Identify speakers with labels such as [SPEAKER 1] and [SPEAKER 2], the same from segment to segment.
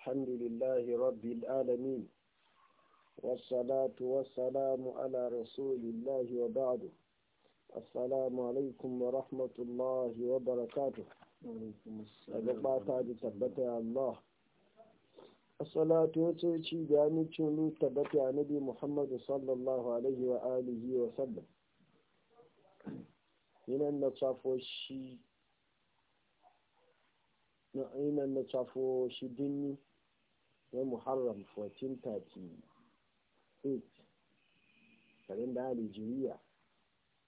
[SPEAKER 1] الحمد لله رب العالمين والصلاة والسلام على رسول الله وبعد السلام عليكم ورحمة الله وبركاته
[SPEAKER 2] وعليكم السلام
[SPEAKER 1] الله الصلاة وتوتي بأمين تشولو تبتع نبي محمد صلى الله عليه وآله وسلم هنا النصف والشي هنا النصف والشي دني na muharram 1438 kalenda ya nigeria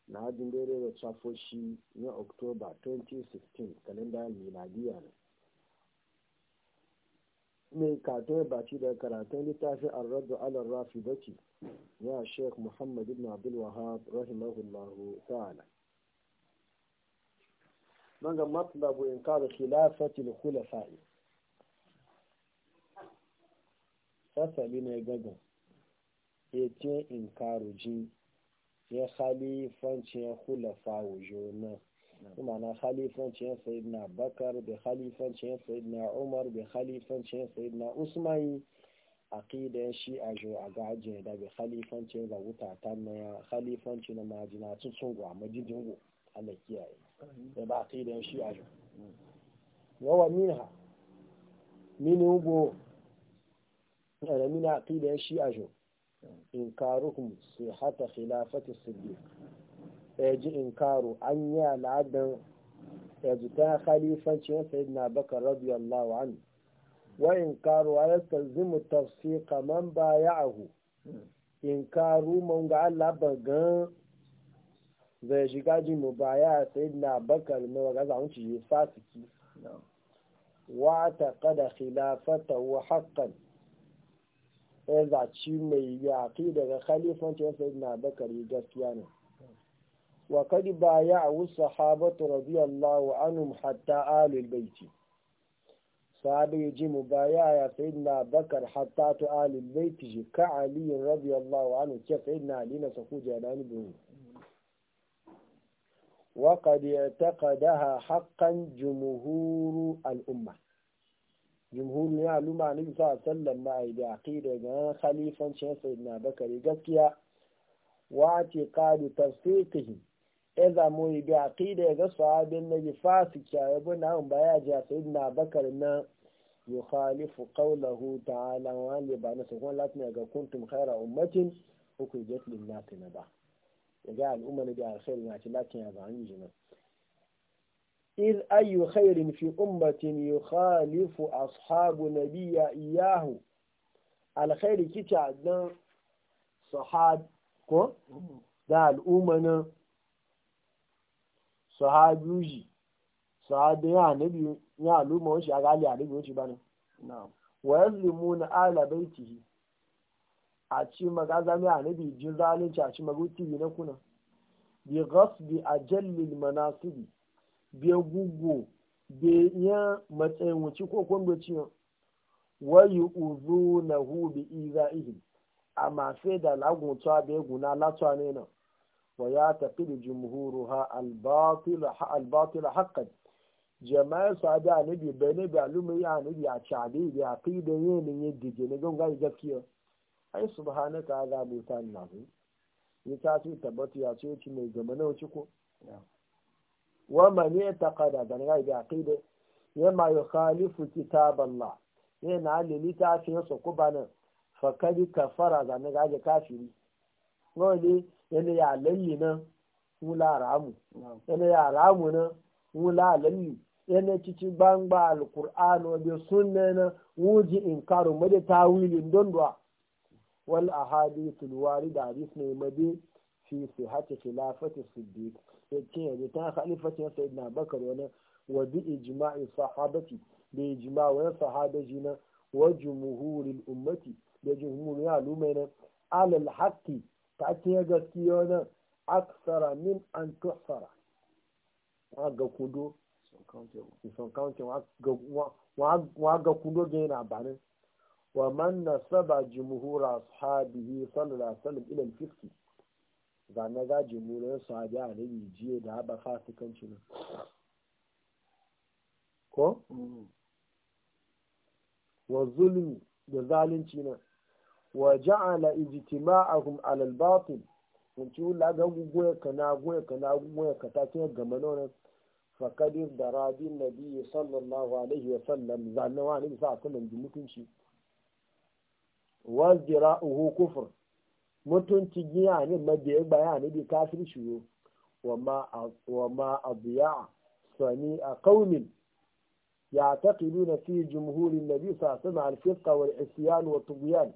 [SPEAKER 1] na hajjin daidai da tsafoshi na oktoba 2016 kalenda ya miladiya ne mai kato ya baci daga karatun littafin arraddu alar rafi baki ya sheik muhammad ibn abdul wahab rahimahullahu ta'ala manga matlabu in kada khilafatil khulafa'i fasali na gagan ya ce in jin ya khalifancin hulafa wujo na kuma na khalifancin sayidina bakar da khalifancin sayidina umar da khalifancin sayidina usmani aqidan shi a jo a gajin da bi khalifancin da wuta ta na khalifancin na majina tun sun gwa majidin go Allah kiyaye da ba a ya shi a jo yawa minha mini ugo da mina aqida ya shi a ajo in karukum sihata khilafati siddiq yaji in karu an ya ladan yaji ta khalifancin sayyidina bakar radiyallahu anhu wa in karu ya talzimu tafsiqa man baya'ahu in karu mun ga Allah bagan zai shiga ji mu baya sayyidina bakar ne ga zamu ci fasiki wa taqada khilafatahu haƙƙan. ya zaci mai yaƙi daga khalifanci ya na bakari gaskiya ne wa kadi ba ya awu sahabatu radiyallahu anhum hatta alul baiti sahabi ya ji mu ba ya ya sayi na bakar hatta tu alul baiti shi ka aliyin radiyallahu anhu ke sayi na ali na saku jadani bin wa kadi ya taƙadaha haƙƙan jumhuru al'umma jimhurin ya luma na bisa a sallan ma'aibi a kai daga khalifancin sayyidina bakari gaskiya wa ce kadu tafsikihi ya zamo yi bi a kai daga sahabin na yi fasiki a yabi na hun baya ji a sayyidina na yi khalifu kaulahu ta'ala wa ne ba na sakon latin ga kuntum khaira ummatin hukujet lin latin ba ya al'umma na bi a khairu na ci latin ya ba yi jinan إذ أي خير في أمة يخالف أصحاب نبي إياه الخير عدنا صحاب كو دا الأمنا صحاب يوجي صحاب يا نبي يا لوما وشي أغالي عليك وشي بانا نعم ويظلمون آل بيته أتشي مغازم يا نبي جزالين أتشي مغوتي بنا كنا بغصب أجل المناصب biya gugu be ya matsayin wuce ko kwambe ciyon wayi uzu na hu bi iza ihim Ama sai da lagunta be guna latuwa ne nan wa ya tafi da jumhuru ha albatila hakan jama'a su abi anabi bai a bi ya nabi a cabe bi ya fi da yin yin dige ne gan gani gaskiya ai subhanaka ga butan nazu ni ta ce tabbata ya ce ci mai gama na wuce ko war ma ne ya taƙa da zane kai bi ake yi ba yana yana halifuce taaballa yana lalle ni ta shi yaushe kuma bana fa ka bi ta fara zane kai ka shi bi nawa de yana ya lalle na wula a lalle yana ya ci banba alkur'anu da sunana wujin in karo mu de ta wili dondo a wani a haɗu da a bi suna fi su hata khilafati siddiq yakin yanzu ta khalifatin sayyidina bakar wani wa bi ijma'i sahabati da ijma'u sahabaji na wa jumhuril ummati da jumhurin al'ummai na alal haqqi ta ce gaskiya na aksara min an tuhsara ga kudo wa ga kudo ga yana banin wa man nasaba jumhur ashabihi sallallahu alaihi wasallam ila al zane ga su sahabi a rabi jiye da haɓa fasikanci ne ko? Mm. wa zulmi da zalunci ne wa ja'ala ijitima a al-batil mun ci wula ga na kana ka na goye ka ta kiyar gama manonan fakadir da rabin biyu sallallahu alaihi wa sallam zanna wa nabi sa kullun mutunci wa uhu kufur mutunci giya ne mabiya baya ne bi kafir shiyo wa ma abiya sani a kaumin ya taƙilu na fi jumhurin nabi sassan alfiska wal isiyan wa tubiyan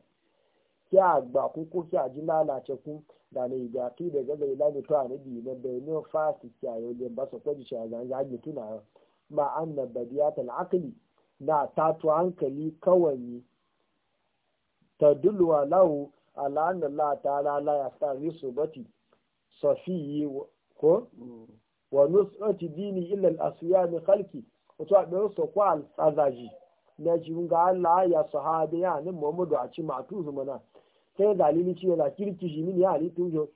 [SPEAKER 1] ki a kuku ko ki a ji lalace ku da na idaki da gaza ilani to a nabi na benin fasi ki yau da ba su kwaji shi a zanga ji tuna ma an na akali na tatu hankali kawai ta dulwa ala anna Allah ta'ala la yastaghfi subati safiyi ko mm. wa nusrati dini illa al-asiyam khalqi wato a ɗan sako al-azaji na ji ga Allah ya sahabi ya nan Muhammadu a ci matu zumana sai dalili ce da kirki shi min ya halittu jo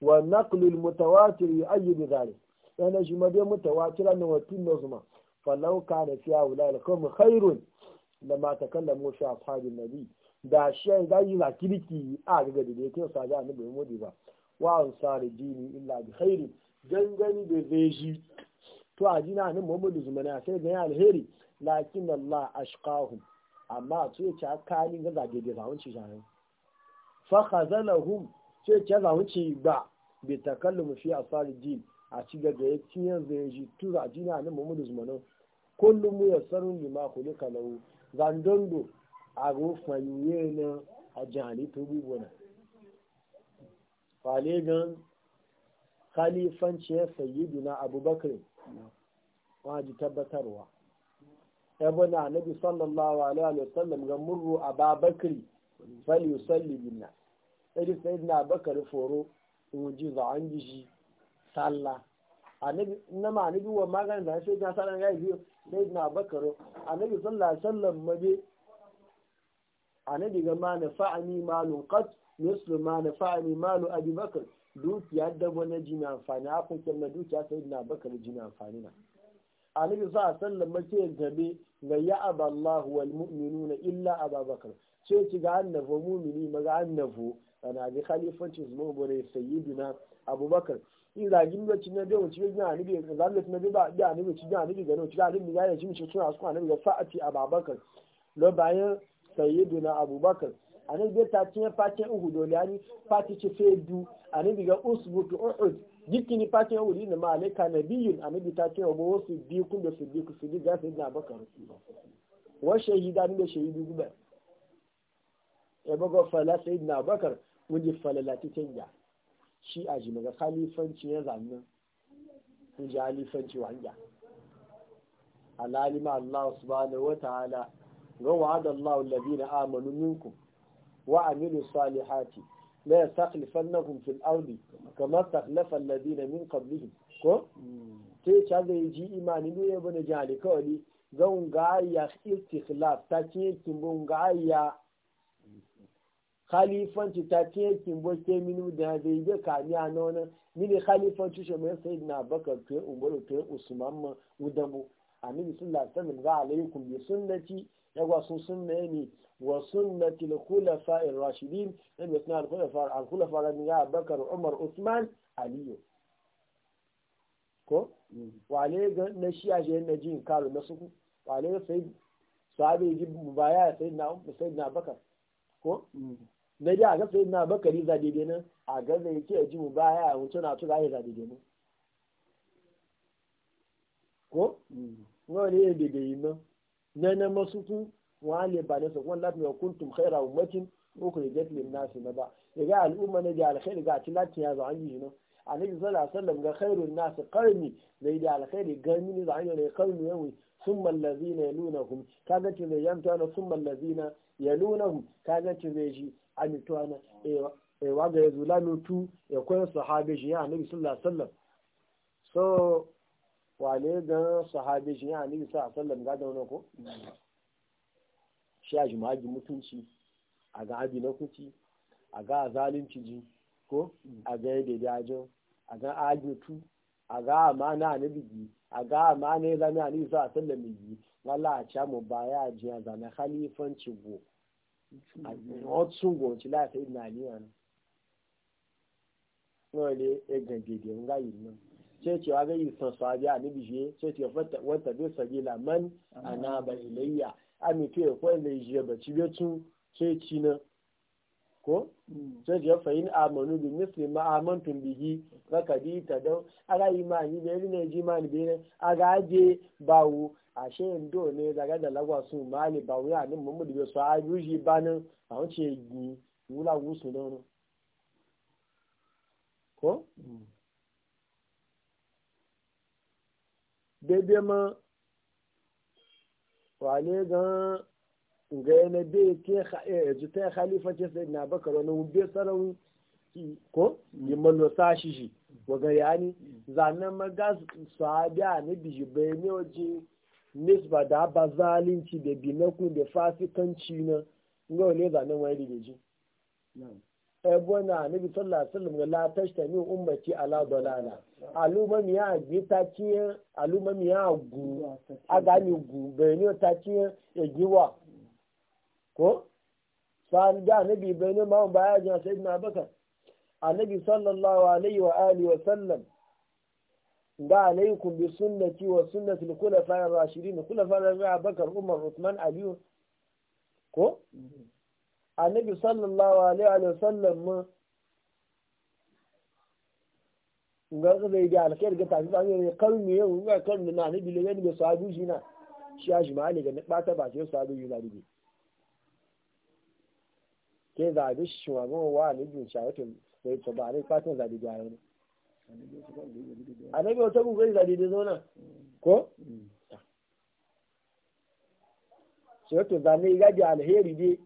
[SPEAKER 1] wa naqlul mutawatir yu'ayyidu zalik yana shi ma dai mutawatira ne wa tunna zuma falau kana fiya ulal qawm khairun lama takallamu fi ashabin nabi da shi ya ga yi na kirki a daga da ke sa ga annabi Muhammad ba wa sare dini illa bi khairi gangani da zai shi to a jina ne Muhammad zumana sai ga alheri lakin Allah ashqahum amma to ya kani kalin ga zage da zawanci shanin fa khazalahum ce ce zawanci ba bi takallum fi asari din a ci ga ga yake yanzu ya to a jina ne Muhammad zumana kullum ya sarun lima kulika lahu zandondo arufa yuye na a jihani tububuna fale gan khalifanciyar sayyiduna abubakar waji tabbatarwa yabo na nabi sallallahu alaihi wa sallam ga murru ababakar fali yusalli binna sai na abubakar foro in ji za an ji shi wa da sai ta sallah ya yi sayyiduna sallallahu alaihi wa sallam annabi ga ma na fa'ani malun qat muslim ma na fa'ani malu abi bakr dukiya da wani jini amfani a kun kyan na dukiya sai na bakar jini amfani na annabi sa sallan mace gabe ga ya aballahu wal mu'minuna illa ababakar ce ci ga annafo mu'mini maga annafo ana ga khalifancin zuwa bore sayyidina abubakar in zagin da cinye da wuce ga zalla bi zan da ba da ani bi cinye ani bi ga no cikin ani ya ga ya cikin suna su ani ga fa'ati ababakar lo bayan sayyiduna abubakar anan bai ta cinye fatin uhu dole ani fati ci fedu anan biga usbutu uhud dikini fatin uhu ne ma alaika nabiyun anan bi ta cinye wa wasu bi kun da su bi ku su bi ga sayyiduna abubakar wa shahida ne da shahidu guba ya bago fala sayyiduna abubakar mun ji falalati canja shi a ji maga khalifanci ya zanna mun ji khalifanci wanja wa ta'ala ga wa'ada Allah alladhina amanu minkum wa amilu salihati la yastakhlifannahum fil ardi kama stakhlafa alladhina min qablihim ko sai ta zai ji imani ne ya bane jali kawai zan ga ya istikhlaf ta ce kimbon ga ya khalifanci ta ce kimbon ke minu da zai ga kami a nan mini khalifanci shi mai sai na bakar kai umar kai usman mu dabu annabi sallallahu alaihi sallam ga alaikum bi sunnati yagwasun sun ne ni wasun na tilkula fa’in rashidin yadda wasu na alkula fa’in ya bakar umar usman aliyu ko? Mm-hmm. wale ga na shi a jiyar na jin karo na suku wale ga sai sabi ji baya ya sai na abakar ko? Mm-hmm. na ji a ga sai na bakari za daidai nan a ga zai yake a ji baya a wuce na tuga ya za daidai nan ko? Mm-hmm. wale ya daidai nan na na masuku wale ba na sakon lati ya kuntum khaira ummatin uku da jatlin nasu na ba ya ga al'umma na da alkhairi ga ci lati ya zan yi nan annabi sallallahu alaihi wasallam ga khairun nasu qarni zai da alkhairi gani ne zan yi ne qarni yawi summa allazina yalunahum kaga ce zai yamta na summa allazina yalunahum kaga ce zai ji amitwana eh ewa ga yazulanu tu ya koyar sahabi shi ya annabi sallallahu alaihi wasallam so wale ga sahabe shi ya ne sa sallan ga da ko shi a jima'i mutunci a ga abi na kuci a ga zalunci ji ko a ga yadda da ajin a ga agitu a ga ma na bigi a ga amana ya zama ni sa sallam bigi wala a cha mu baya ji a zana khalifanci go a otsun go ci la sai na ni wani wale e ga gede nan sai cewa zai yi sabi a nabi sai ce wata bai sabila man ah. na ba ilayya amito ya kwan da je ba ci betu sai ci na ko hmm. sai ce fa in amonu bi misli ma amantum bihi raka bi ta yi ma imani da ne ji mani bi aga je bawo ashe do ne daga da lagwa su mali bawo ya nan mu da su a yuji banan a wuce gi wula wusu don ko hmm. daidai ma wale gan ga yana bai ke yanzu eh, ta khalifa ce sai na bakar wani wube sarari ko liman wasa shi shi waga yani zanen maga sahabiya ne biji bai ne waje nisba da ba zalinci da binakun da fasikanci na ga wale zanen wani da ji. ebona anabi sallallahu alaihi wasallam ga la tashtami ummati ala dalala aluma mi agbe tachiye aluma mi agu aga ni gu be ni tachiye ejiwa ko san ga anabi be ni ma ba ya jan sayyidina abaka anabi sallallahu alaihi wa alihi sallam da alaikum bi sunnati wa sunnati al ar rashidin khulafa'ir abakar umar uthman ali ko mm-hmm. annabi sallallahu alaihi wa sallam mu ga zai ga alkhair ga tafi ba ne kalmi yau ga kalmi na annabi le ne ba sabu shi na shi ya jima ne ga ne ba ta ba ce sabu yi na dibi ke da bi shi wa go wa ne bi shi wato sai to ba ne fatan da dibi ayo ne annabi wata ku ga da dibi ko mm. sai to da ne ga alheri dai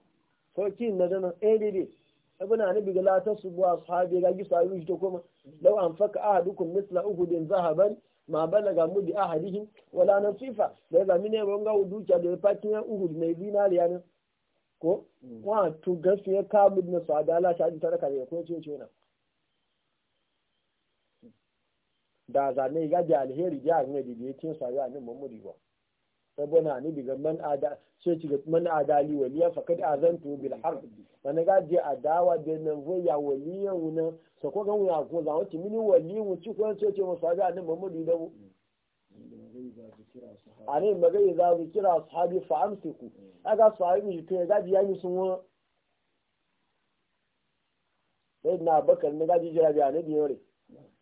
[SPEAKER 1] sauki na dana ɗaya eh, abuna na biga latar su buwa sahabi ga gisa yi ta kuma lau an faka ahadukum misla uhudin zahaban ma bala ga mudi ahadihim wala na sifa da ya zami ne ban ga ta da ya uku ya uhud mai zinariya ko mm. wa to gasu ya kamu na su adala ta ji taraka da ko ce ce na da zane ga da alheri ne da ya tin sa ya ne ba sabona ni diga man ada sai ci man adali waliya fakad azantu bil harb man ga je adawa de nan vo ya waliya una so ko ga wuya ko za wuci mini wali mu ci ko sai ce musa ga annabi Muhammadu da mu ani magai za idza kira ashabi fa amsiku aga sahibi to ga ji yani sun wa sai na bakar na gaji jira ga annabi yore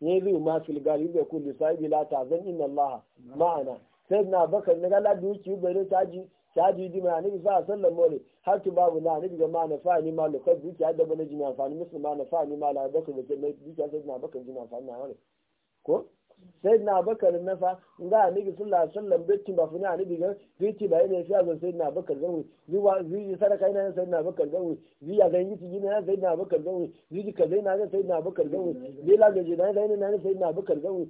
[SPEAKER 1] ne zai ma fil galibi kulli sahibi la ta zan inna allaha ma'ana sai na bakar na gala duki bare ta ji ta ji ji mai annabi sa sallan mole har tu babu na annabi ga ma na fa ni ma lokar duki har da bane na fa ni musu ma na fa ni ma la bakar da sai duki sai na bakar ji na fa na wani ko sai na bakar na fa ga annabi sallallahu alaihi wasallam bitin ba funi annabi ga duki ba ne sai ga sai na bakar zawi zuwa zuwa sadaka ina sai na bakar zawi zuwa ga yi ji na sai na bakar zawi zuwa ka zai na sai na bakar zawi lela ga ji na sai na bakar zawi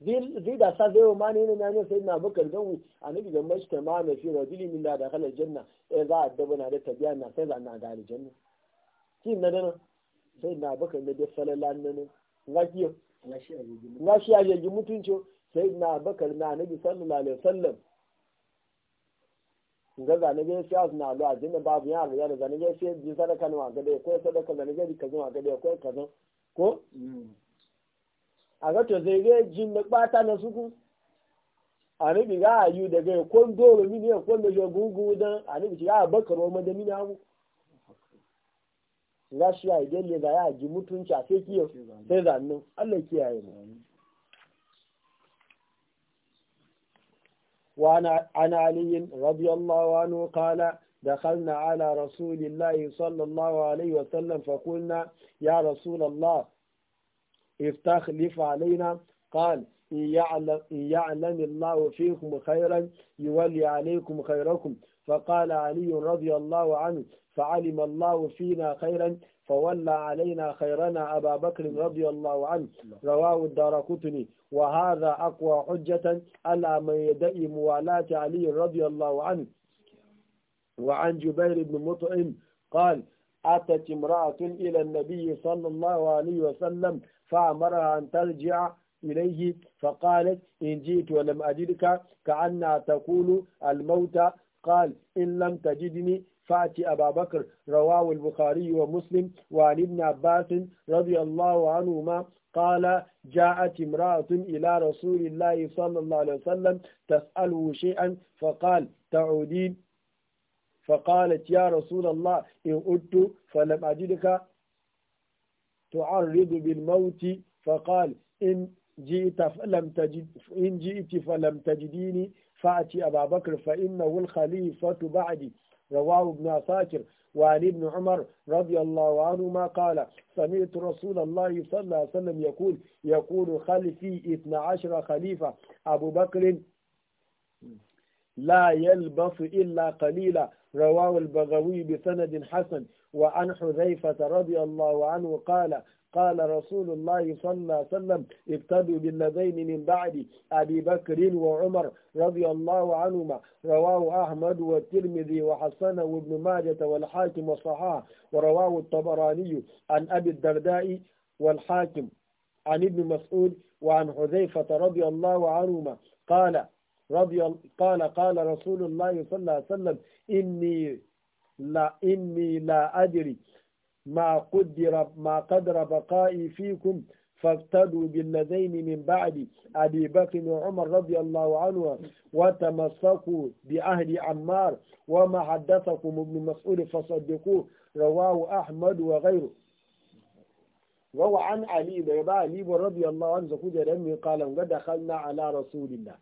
[SPEAKER 1] zai da sa zai ma ne na ne sai na bakar a annabi da mashi ta ma na fi rajuli min da dakhala janna eh za a dabana da tabiya na sai za na da aljanna kin na dana sai na bakar na sallallahu alaihi wasallam na shi a ji mutunci sai na bakar na annabi sallallahu alaihi wasallam ga zanage ya fiya suna alu ajin babu yana ya da zanage ya fiye ji sadaka ne wa gada ya koya sadaka zanage ya kazo wa gada ya koya kazo ko mm. a ga to zai ga jin da bata na suku anabi ga ayu daga kon dole mi ne kon da jogungu dan anabi ci ga bakaro ma da mi na mu ga shi ai ne ga ya ji mutunci a sai kiyo sai zannu Allah kiyaye mu وعن عن علي رضي الله عنه قال دخلنا على رسول الله صلى الله عليه وسلم فقلنا يا رسول الله افتخلف علينا قال إن يعلم, إن يعلم الله فيكم خيرا يولي عليكم خيركم فقال علي رضي الله عنه فعلم الله فينا خيرا فولى علينا خيرنا أبا بكر رضي الله عنه رواه الدارقطني وهذا أقوى حجة ألا من يدعي موالاة علي رضي الله عنه وعن جبير بن مطعم قال أتت امرأة إلى النبي صلى الله عليه وسلم فأمرها أن ترجع إليه فقالت إن جئت ولم أجدك كأنها تقول الموت قال إن لم تجدني فأتي أبا بكر رواه البخاري ومسلم وعن ابن عباس رضي الله عنهما قال جاءت امرأة إلى رسول الله صلى الله عليه وسلم تسأله شيئا فقال تعودين فقالت يا رسول الله إن أدت فلم أجدك تعرض بالموت فقال إن جئت فلم تجد إن جئت فلم تجديني فأتي أبا بكر فإنه الخليفة بعدي رواه ابن عساكر وعن ابن عمر رضي الله عنهما قال سمعت رسول الله صلى الله عليه وسلم يقول يقول خلفي 12 خليفة أبو بكر لا يلبس إلا قليلا رواه البغوي بسند حسن وعن حذيفة رضي الله عنه قال قال رسول الله صلى الله عليه وسلم ابتدوا بالذين من بعد أبي بكر وعمر رضي الله عنهما رواه أحمد والترمذي وحسنه وابن ماجة والحاكم وصحاه ورواه الطبراني عن أبي الدرداء والحاكم عن ابن مسعود وعن حذيفة رضي الله عنهما قال رضي قال قال رسول الله صلى الله عليه وسلم إني لا إني لا أدري ما قدر ما قدر بقائي فيكم فاقتدوا بالذين من بعد أبي بكر وعمر رضي الله عنه وتمسكوا بأهل عمار وما حدثكم ابن مسعود فصدقوه رواه أحمد وغيره روى عن علي بن علي رضي الله عنه قال قد دخلنا على رسول الله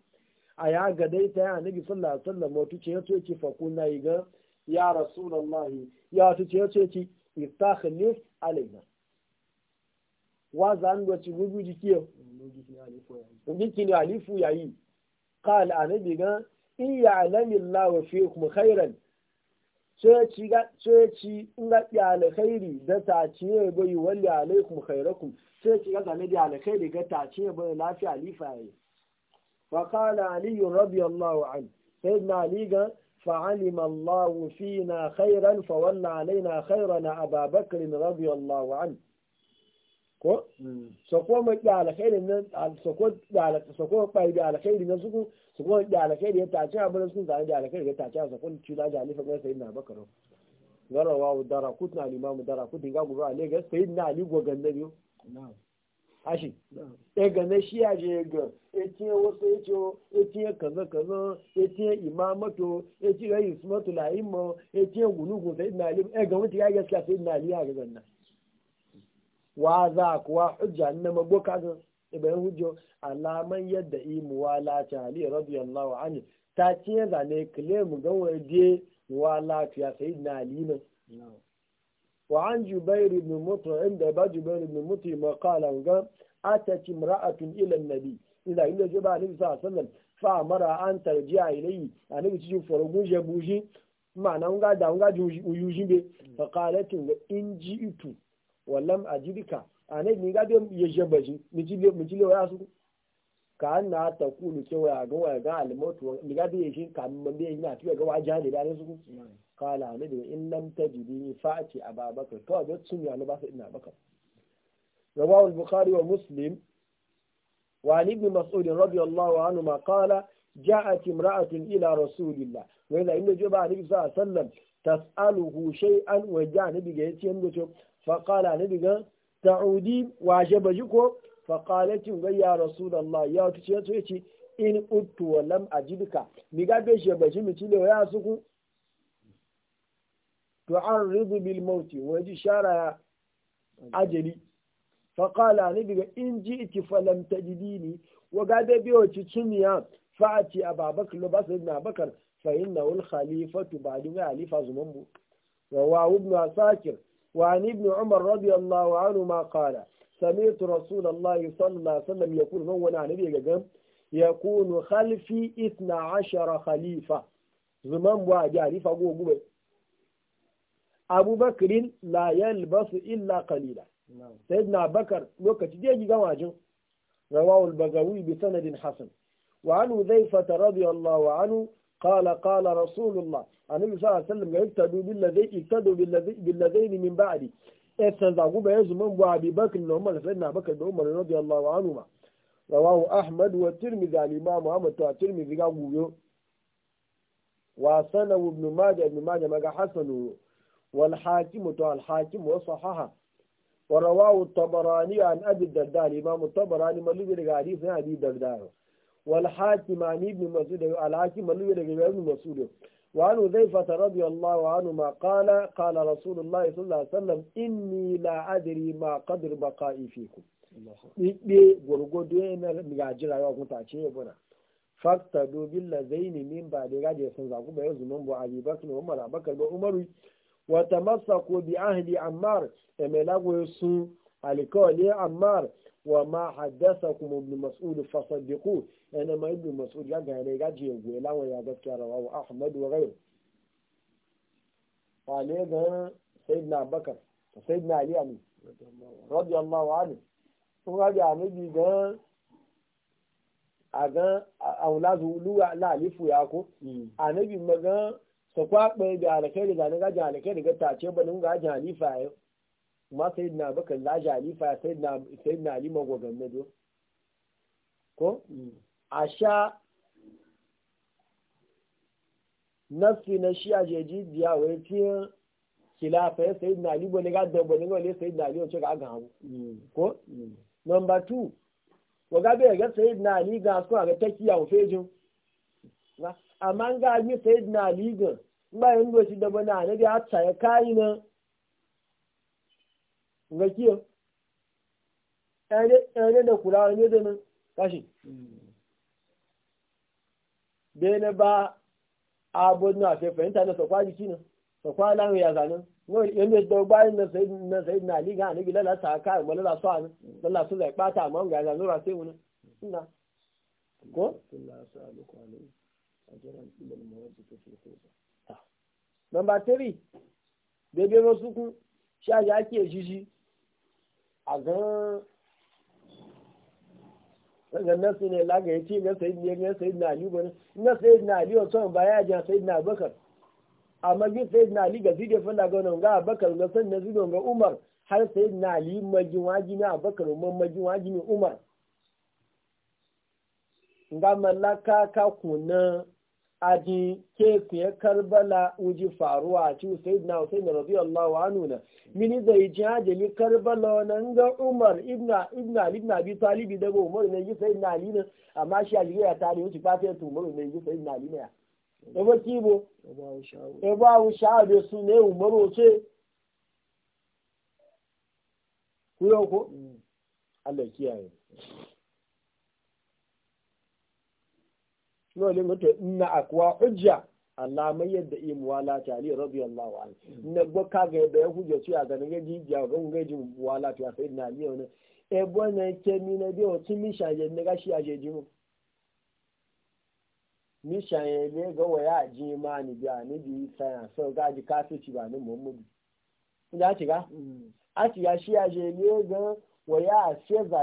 [SPEAKER 1] a ya gadai ta yana nabi sallallahu alaihi wasallam wato ce yato yake fakuna yi ga ya rasulullahi ya wato ce yato yake istakhlif alaina wa zan go ci gugu jiki yo gugu ni alifu yayi qala anabi ga in ya alami allah wa fiikum khairan ceci ga ceci in ga ya alkhairi da ta ci go yi walli alaikum khairakum ceci ga zane da alkhairi ga ta ci ne bai lafiya alifa yayi فقال علي رضي الله عنه سيدنا علي فعلم الله فينا خيرا فولى علينا خيرنا أبا بكر رضي الله عنه ko da alkhairi nan so da alkhairi so bai da alkhairi nan su su da alkhairi ya tace abin da alkhairi ya tace kun ci da jalifa ga sayyidina ashi ega na ya ga etinye wasu echo etinye kaza kaza etinye imamato etinye ga ismatu la imo etinye gulugun sai na ali ega ya gaskiya sai na ya ga ganna wa za kuwa hujja na maboka ga hujjo yadda imuwa wala ta ali radiyallahu anhu ta ga ya ali وعن جبير بن مطعم دبا جبير بن مطعم قال أتت امرأة إلى النبي إذا إن جبا النبي صلى الله عليه وسلم فأمر أن ترجع إليه النبي تجي فرغون بوجي معنى أنغا دا أنغا يوجي بي فقالت إن جئت ولم أجدك أنا نيغا دم يجبجي مجيلي مجيلي وياسو كأن تقول كوا يا جوا يا جال موت نيغا دي يجي كان من دي يجي ناتي يا جوا جاني دارسو kala ne da in lam tajidi fa'ati ababakar to ga sun ya ba su ina bakar rawahu al-bukhari wa muslim wa ali ibn mas'ud radiyallahu anhu ma qala ja'at imra'atun ila rasulillah wa idha inna jiba ali sallallahu alaihi tas'aluhu shay'an wa ja'a nabi ga yace yanda to fa qala nabi ga ta'udi wa jabaji ko fa qalat ya rasulullah ya tuce yace in uttu wa lam ajidka ga wa suku تعرض بالموت ويجي شارع أجلي فقال نبي إن جئت فلم تجديني وقعد بيوت تسميا فأتي أبا بكر لباس ابن بكر فإنه الخليفة بعد ما خليفة زمنه رواه ابن عساكر وعن ابن عمر رضي الله عنه ما قال سمعت رسول الله صلى الله عليه وسلم يقول من ونع نبي جم يكون خلفي عشر خليفة زمان بوا واجه خليفة قوة abubakirin layel basu illa kalila sai na bakar lokaci je giga wajin rawawul bagawi bi sanadin hasan wa an zai fata radiyallahu wa an kala kala rasulullah an yi misal a ga yadda dubi lazai ita dubi lazai ne min ba'adi ya san zagu ba ya zuman buwa na umar sai na bakar da umar radiyallahu wa rawawu ahmad wa tirmidhi al imam muhammad wa tirmidhi ga guyo wa sanawu ibn majah ibn majah maga hasanu والحاكم تو الحاكم وصححه ورواه الطبراني عن ابي الدرداء الإمام الطبراني ملوك لك حديث عن ابي الدرداء والحاكم عن ابن مسعود الحاكم ملوك لك ابن مسعود وعن حذيفة رضي الله عنه ما قال قال رسول الله صلى الله عليه وسلم إني لا أدري ما قدر بقائي فيكم ɗiɗɗe gwargwado yana gaji rayuwa kun ta ce buna fakta dobin la zaini min ba da gaji sun zaku ba yanzu man bu abi bakr umar abakar ba umaru wata masa ko bi ahli ammar da mai Amar, sun alikawali ammar wa ma haddasa kuma ibn mas'ud fa saddiqu yana ma ibn mas'ud ya gane ga sayyidina bakar sayyidina ali ali radiyallahu anhu sun ga magan Ka ta kwaɓe da alkhairi ga na gajin alkhairi ga tace ba nun gajin halifa yau kuma sai na bakan laji halifa sai na alima gwagan na do ko mm. a sha nafi na shi a jeji biya wai fiye khilafa ya sai na alibo ne ga dabbo ne ga sai na alibo ce ga ga hawo mm. ko mm. number two, 2 waga bai ga sai na ali ga su ga takiya ofejin amma ga ji sayid na ligan bayan goshi da bana na biya ta ya kayi na ga kiyo ɗaya da kula wani da nan kashi da na ba abun na fe na sakwa jiki na sakwa lamu ya da da na sayid na sayid na ligan na bila la ta la so an la zai bata amma ga zanen
[SPEAKER 2] sai Ah.
[SPEAKER 1] Number three, bebe wọn sunkún ṣé àyà kí èjìjì àgán ẹgbẹ́ mẹ́sìn ní ìlàgà etí mẹ́sìn ní ẹgbẹ́ mẹ́sìn ní àlú bọ́n mẹ́sìn ní àlú ọ̀tọ́ ọ̀bá yà jẹ́ mẹ́sìn ní ga umar har sayi umar. aji keku ya karbala uji faruwa a ci sai na na rabi Allah wa nuna mini zai ji hajjali karbala wannan ga umar ibna ibna bi talibi daga umar ne na ali amma shi ya tare wuce fata to umar ne ji na ali ya ebo kibo ebo awu sha'a e da su ne umar wace kuyo mm. Allah kiyaye no mutu inna akwa hujja Allah mai yadda yi muwala ta Ali radiyallahu anhu na gbo ka ga ya hujja ci a ga ne ji ja ga ga ji na Ali ne e bo na ke mi na bi mi sha je ne ga shi a je ji mu mi sha ye ne ga waya ji ma ni bi a ni bi so ga ji ka ci ba ci ga mm. a ci ya shi a je ne ga waya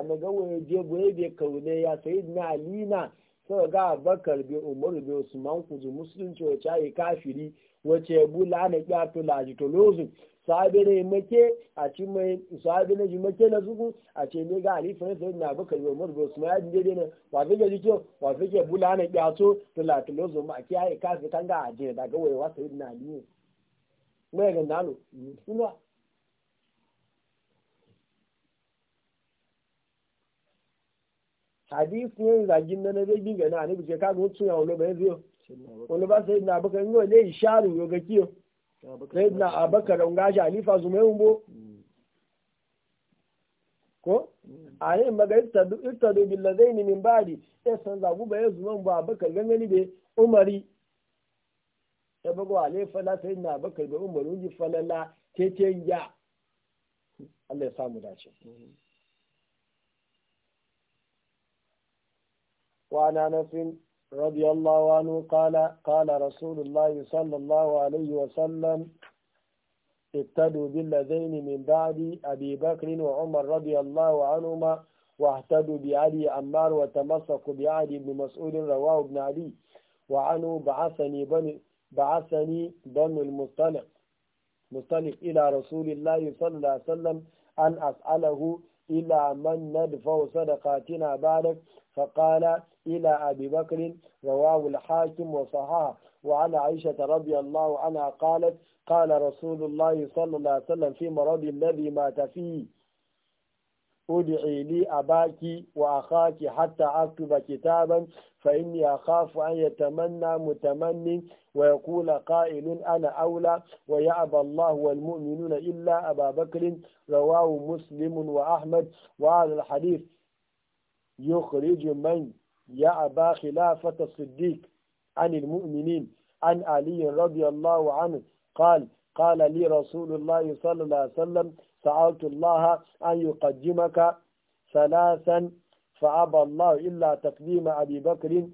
[SPEAKER 1] na ga waya je ya ga abakar bi umaru bi usman kuzu musulunci wace ayi kafiri wace na kyato lajito lozun sahabi ne make a ci mai sahabi ne make na zugu a ce ne ga ali fara na abakar bi umaru bi usman ya jide ne wa fi ga jito wa fi ke bula na ekpe lajito lozun ma ki ayi kafiri kan ga aje daga wayewa mai ga hadisi yin zagin na na zai ginga na anabi ce kaga mutum ya wani bayan ziyo wani ba sai na bakar yau ne isharu yau ga kiyo sai na abakar unga shi alifa su mai umbo mm. ko mm. a ne maga irtado billazai ne min bari ya e san zagu bayan zuman ba abakar gangani bai umari ya e bago alifa na sai na abakar da umar uji falala ke ya mm. Allah ya samu dace. وعن أنس رضي الله عنه قال قال رسول الله صلى الله عليه وسلم ابتدوا بالذين من بعد أبي بكر وعمر رضي الله عنهما واهتدوا بعلي عمار وتمسكوا بعلي بن مسعود رواه ابن علي وعنه بعثني بني بعثني بنو المصطلق مصطلق إلى رسول الله صلى الله عليه وسلم أن أسأله إلى من ندفع صدقاتنا بعدك فقال إلى أبي بكر رواه الحاكم وصحاه وعن عائشة رضي الله عنها قالت قال رسول الله صلى الله عليه وسلم في مرض الذي مات فيه ادعي لي أباك وأخاك حتى أكتب كتابا فإني أخاف أن يتمنى متمن ويقول قائل أنا أولى ويعبى الله والمؤمنون إلا أبا بكر رواه مسلم وأحمد وهذا الحديث يخرج من يأبى خلافة الصديق عن المؤمنين عن علي رضي الله عنه قال قال لي رسول الله صلى الله عليه وسلم سألت الله أن يقدمك ثلاثا فأبى الله إلا تقديم أبي بكر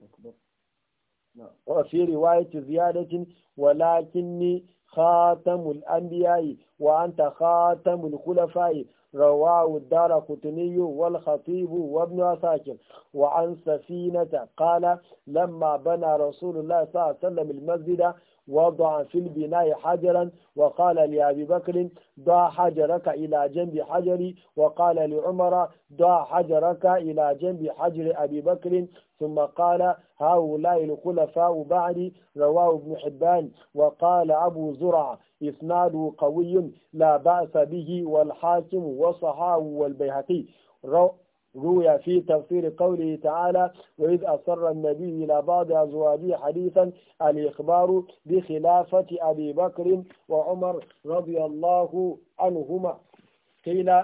[SPEAKER 1] نعم. وفي رواية زيادة ولكني khatamul anbiya'i wa anta khatamul khulafa'i رواه الدار قطني والخطيب وابن عساكر وعن سفينة قال لما بنى رسول الله صلى الله عليه وسلم المسجد وضع في البناء حجرا وقال لأبي بكر ضع حجرك إلى جنب حجري وقال لعمر ضع حجرك إلى جنب حجر أبي بكر ثم قال هؤلاء الخلفاء بعدي رواه ابن حبان وقال أبو زرع إثناد قوي لا بأس به والحاكم وصحاه والبيهقي روي في تفسير قوله تعالى وإذ أصر النبي إلى بعض أزواجه حديثا الإخبار بخلافة أبي بكر وعمر رضي الله عنهما قيل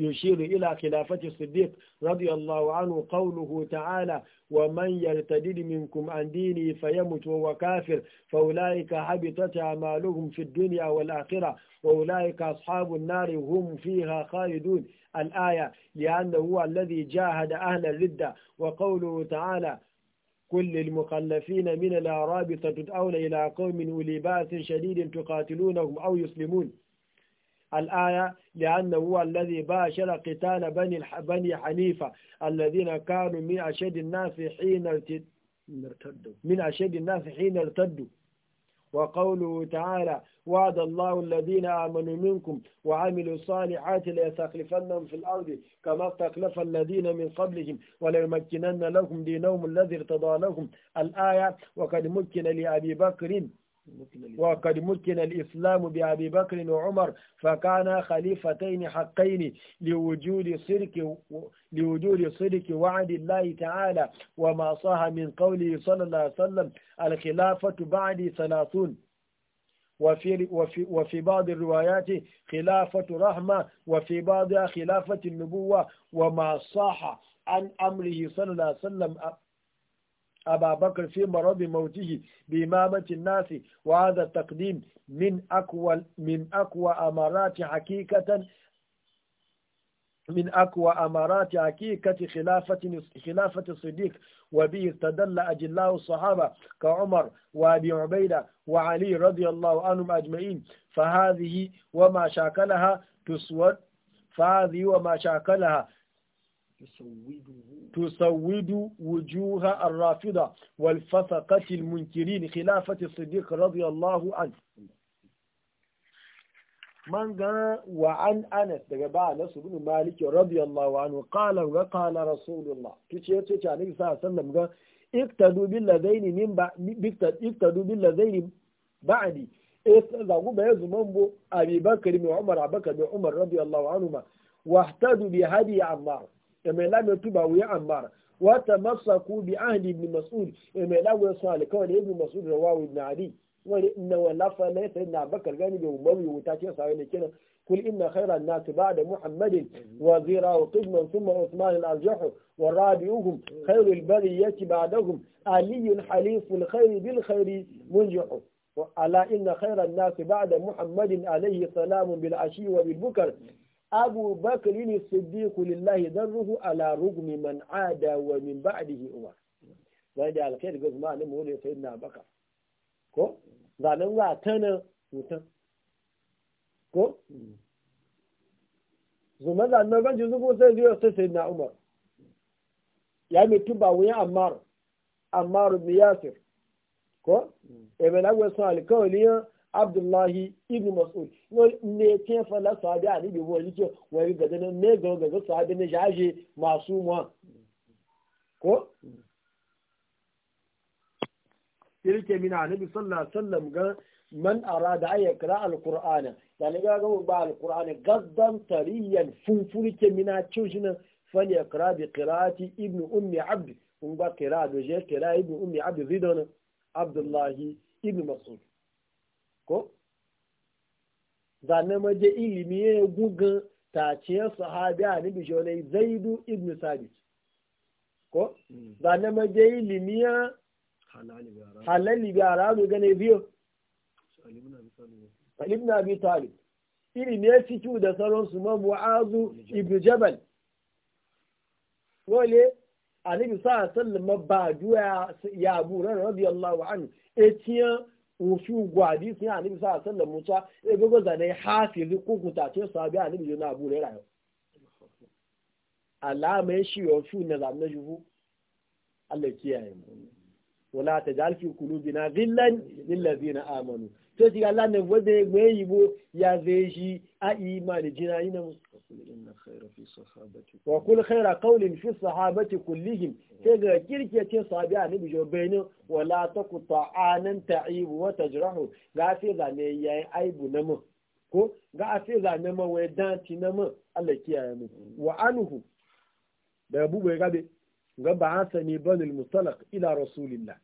[SPEAKER 1] يشير إلى خلافة الصديق رضي الله عنه قوله تعالى ومن يرتدد منكم عن ديني فيمت وهو كافر فأولئك حبطت أعمالهم في الدنيا والآخرة وأولئك أصحاب النار هم فيها خالدون الآية لأنه هو الذي جاهد أهل الردة وقوله تعالى كل المخلفين من الأعراب تدعون إلى قوم أولي بأس شديد تقاتلونهم أو يسلمون الآية لأنه هو الذي باشر قتال بني بني حنيفة الذين كانوا من أشد الناس حين ارتدوا من أشد الناس حين ارتدوا وقوله تعالى وعد الله الذين آمنوا منكم وعملوا الصالحات ليستخلفنهم في الأرض كما استخلف الذين من قبلهم وليمكنن لهم دينهم الذي ارتضى لهم الآية وقد مكن لأبي بكر وقد مكن الإسلام بأبي بكر وعمر فكان خليفتين حقين لوجود صدق لوجود صدق وعد الله تعالى وما صح من قوله صلى الله عليه وسلم الخلافة بعد ثلاثون وفي, وفي, وفي بعض الروايات خلافة رحمة وفي بعضها خلافة النبوة وما صح عن أمره صلى الله عليه وسلم ababakar fi marabi mautihi bi imamatin nasi wa hadha taqdim min akwa min akwa amarati hakikatan من أقوى أمارات حقيقة خلافة خلافة الصديق وبه استدل أجلاء الصحابة كعمر وأبي عبيدة وعلي رضي الله عنهم أجمعين فهذه وما شاكلها تسود فهذه وما شاكلها تسود وجوه الرافضة والفسقة المنكرين خلافة الصديق رضي الله عنه من وعن أنس دقباء نفسه بن مالك رضي الله عنه قال وقال رسول الله تشير تشير عليه صلى الله عليه وسلم اقتدوا بالذين من اقتدوا بالذين بعدي اقتدوا bai zuman bu abi bakari mai umar abakar mai umar radiyallahu anhu ma wahtadu bi hadi mai lamar tuba wuya ammar wata masaku bi ahli ibn mas'ud mai lamar sun alkawar ibn mas'ud rawahu ibn ali wani inna wala fa laysa inna bakar gani bi umar wuta ce sai ne kenan kul inna khayran nas ba'da muhammadin wa zira wa qidman thumma usman al-arjah wa rabi'uhum khayru al-bariyati ba'dahum ali halif al-khayr bil khayr munjih وعلى إن خير الناس بعد محمد عليه السلام بالعشي وبالبكر abu bakari ne siddiqu lillahi darruhu ala rugmi man ada wa min ba'dihi umar zai da alkhair ga zuma ne mole sai na baka ko zanen za ta na mutan ko zuma zanen ban ji zubo sai zuwa sai sai na umar ya mai tuba wuya ammar ammar bin yasir ko ebe lagwa sun ya. abdullahi ibn mas'ud no ne ke fala sahabi ali bi wani ke wani ga dana ne ga ga sahabi ne jaje masu ma ko yake mina annabi sallallahu alaihi wasallam ga man arada ay yaqra alqur'ana dan ga ga ba alqur'ana gaddan tariyan funfuri ke mina cikin fal yaqra bi qira'ati ibn ummi abd kun ba qira'a do je qira'a ibn ummi abd zidana abdullahi ibn mas'ud ko zane maje ilimi ya gugan taciyar sahabi a nabi shone zaidu ibn sabit ko mm. zane maje ilimi ya halali bi arabu gane biyo salim na bi talib ilimi ya fito da sauran su ma mu'azu ibn jabal wale a nabi sa sallama ba duwa ya abu ran radiyallahu anhu etiyan ofu gwadi sun annabi sa sallan musa ya gogo zane hafizi ko gutace sabi annabi yana abu da rayo alamai shi ofu na zamna juhu Allah kiyaye mu wala tajal fi qulubina ghillan lil ladina amanu to ti Allah ne wode gbe yibo ya zeji imani jina yi nan wa kul khaira qawlin fi sahabati kullihim sai ga kirke ce sahabi annabi jo bayin wala taqta anan ta'ib wa tajrahu ga sai zane yayi aibu na mu ko ga a sai ma wai danti na mu Allah kiyaye mu wa anhu da bubu ya gabe ga ba hasani banil mutalaq ila rasulillah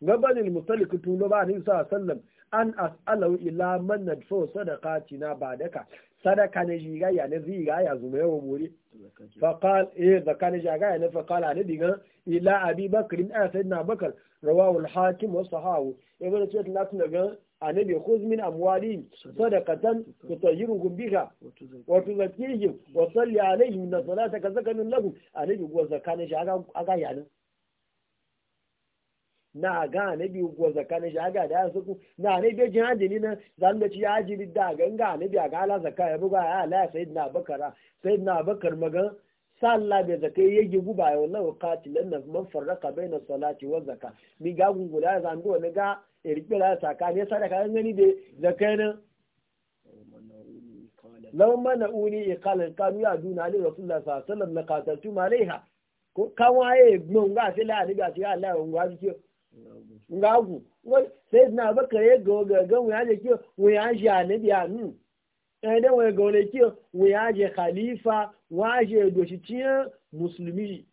[SPEAKER 1] ga banil mutalaq tun ba ni sallallahu alaihi wasallam an as'alau ila man nadfo sadaqati na badaka sadaka ne jiga ya ne ziga ya zuma yawo bore fa qal eh zakka jiga ya ne fa qala ne diga ila abi bakr ibn sayyidina bakr rawahu al-hakim wa sahahu ibn sayyid na tun daga annabi khuz min amwali sadaqatan tutayiru biha wa tuzakkihim wa salli alayhi min salatika zakanun lahu annabi go zakka ne jiga aga ya ne na ga bi ugwa zakana shi aga da ku na anabi jin ni na zan da ci haji hajili da ga ga bi aga ala zaka ya buga ya la sayyidina bakara sayyidina abakar maga sallah bi zaka ya yi guba ya wallahi qatilan na man farraqa baina salati wa zaka mi ga guda zan do ne ga irbe la saka ne sadaka ngani gani be na law mana uni iqalan kanu ya duna li rasulullah sallallahu alaihi wasallam na qataltum alaiha ko kawaye gbon ga sai la ni ga sai Allah ya ngwa ki ngagu sai na baka ya ga gagan wuya da kiyo wuya ji anabi anu ɗan eh, da wuya ga wani kiyo wuya ji khalifa wa ji doshi ciye musulmi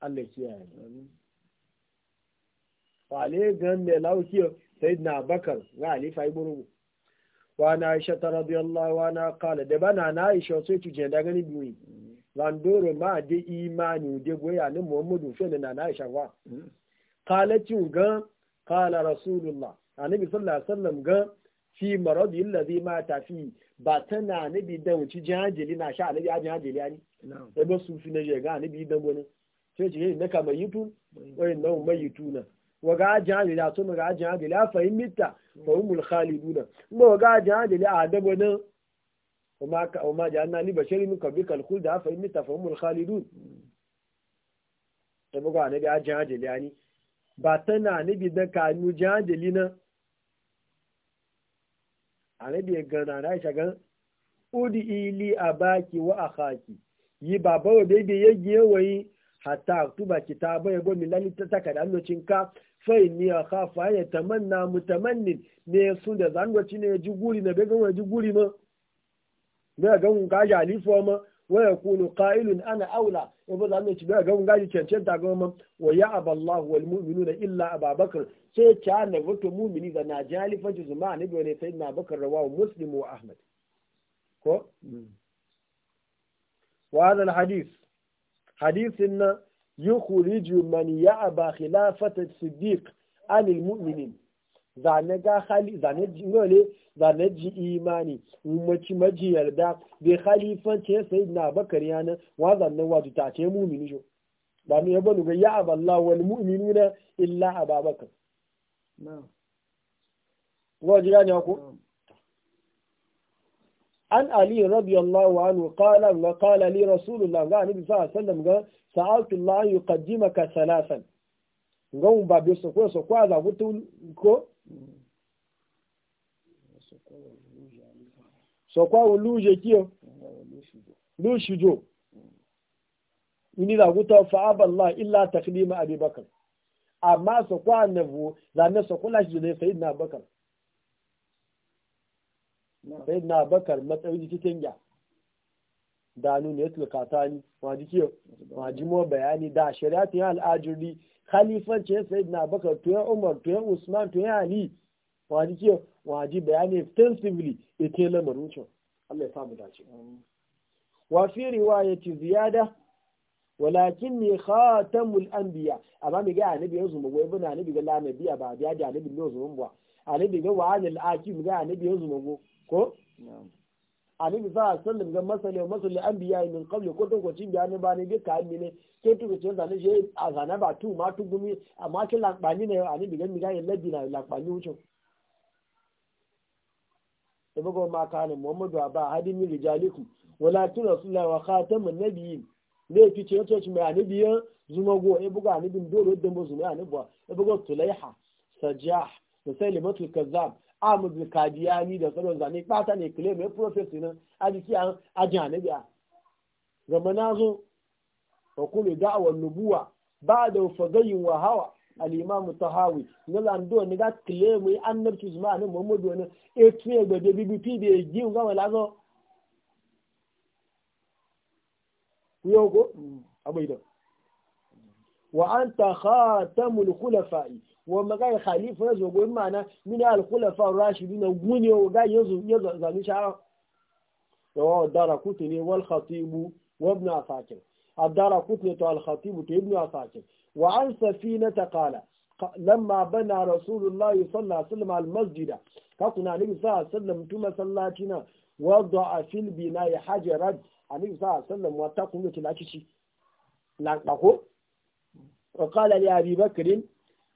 [SPEAKER 1] Allah kiyaye wale gan da laukiyo sai na bakar ga halifa iburu wa na aisha ta radiyallahu wa na kala da bana na aisha sai tuje da gani biyu Wandoro ma de imani de goya ni muhammadu fe na na aisha wa qala hmm. ci ga qala rasulullah annabi sallallahu alaihi wasallam ga fi maradi alladhi ta fi ba tana annabi dan wuci jahili na sha annabi ajin jahili ani e bo su fi na je ga annabi dan wani sai ce ne ka mai yitu wai nan mai yitu na ga jahili da to ga jahili fa imita fa umul khaliduna waga jahili a dabo nan وما وما جعلنا لبشر من قبلك الخلد فإن مت فهم الخالدون sai bugu annabi a jihajali yani ba tana annabi da kanu jihajali na annabi ya gana na aisha gan udi ili baki wa a akhaki yi baba wa bebe ya giye wayi hatta tuba kitaba ya gomi lalita takada lokacin ka fai ni a kafa ya tamanna mutamannin ne sun da zanwaci ne ya ji guri na bai began wa ji guri ma bai ga mun gaji alifu ma wa yakunu qailun ana aula yabo da a bai ga mun gaji cancanta ga mun wa ya aballahu wal mu'minuna illa ababakar sai ta na wato mu'mini da na jali fa juzuma ne bai ne sai na bakar rawahu muslim wa ahmad ko hmm. wa hadal hadith hadithin na yukhriju man ya'ba khilafata siddiq anil mu'minin zane ga khali zane ngole zane ji imani umarci maji yarda bai khalifanci ya sayi na bakar yanar wazan nan wato ta ce mumini jo ba mu yabo ga ya aballa wal mu'minuna illa a na'am wa jira ne ko an ali radiyallahu anhu qala wa qala li rasulullah ga annabi sallallahu alaihi wasallam ga sa'altu allah yuqaddimaka salasan ngau ba bi so ko so kwa za ko sọ̀kọ́ àwọn olóòjè kí ọ lóṣùjò ní ìlàgútọ̀ illa ilá taklima abubakar amma sọ̀kọ́ ànàbò lànà sọ̀kọ́ láti jù lẹ́fẹ̀ẹ́ ìdìnà abubakar sayyidina abubakar matsayin jikin ya da nuna ya tulkata ni majimo bayani da shari'atun al'ajiri khalifancin sayyidina abubakar tuyan umar tuyan usman tuyan ali waji ce waji bayani extensively ya ke lamarin shi
[SPEAKER 2] Allah ya samu dace
[SPEAKER 1] wa fi riwayati ziyada walakin ne khatamul anbiya amma mi ga annabi yanzu mu goyi bana annabi ga lanabi ba biya da annabi ne yanzu ba anabi ga wa anil akim ga annabi yanzu mu ko anabi za a sallam ga masali wa masali an biya min qabli ko tun kwacin biya ne ba ne bi ka ne ke tu ce tun zane je a zane ba tu ma tu gumi amma ke lakbani ne anabi ga mi ga yin labbi na lakbani wucin sabago ma kanin muhammadu ba hadin min wala walakin rasulullahi wa khatamun nabiyyin ne ki ce to ci mai anibiya zuma go e buga anibin dole da mu zuma anibwa e buga tulaiha sajah da salimatul kazzab amud kadiyani da sauran zane bata ne claim ya prophet ne ajiki an ajin anibiya zamana zo wa kullu da'wa nubuwa da fadayin wa hawa al'imamu tahawi na lando ni ga kile mu yi annabci zuma ne muhammadu wani etu ne gbede bbp da ya gi nga wala zo yau ko abai da wa an ta khatamul khulafa'i wa magai khalifa yazo go mana min al khulafa rashidina gune wa ga yazo yazo zami shara wa dara kutni wal khatibu wa ibn asakir الدار قتلة الخطيب ابن عساكر وعن سفينة قال لما بنى رسول الله صلى الله عليه وسلم على المسجد فقنا عليه صلى الله عليه وسلم تما صلاتنا وضع في البناء حجرا عليه صلى الله عليه وسلم واتقوا لك العكشي لانقه وقال لي أبي بكر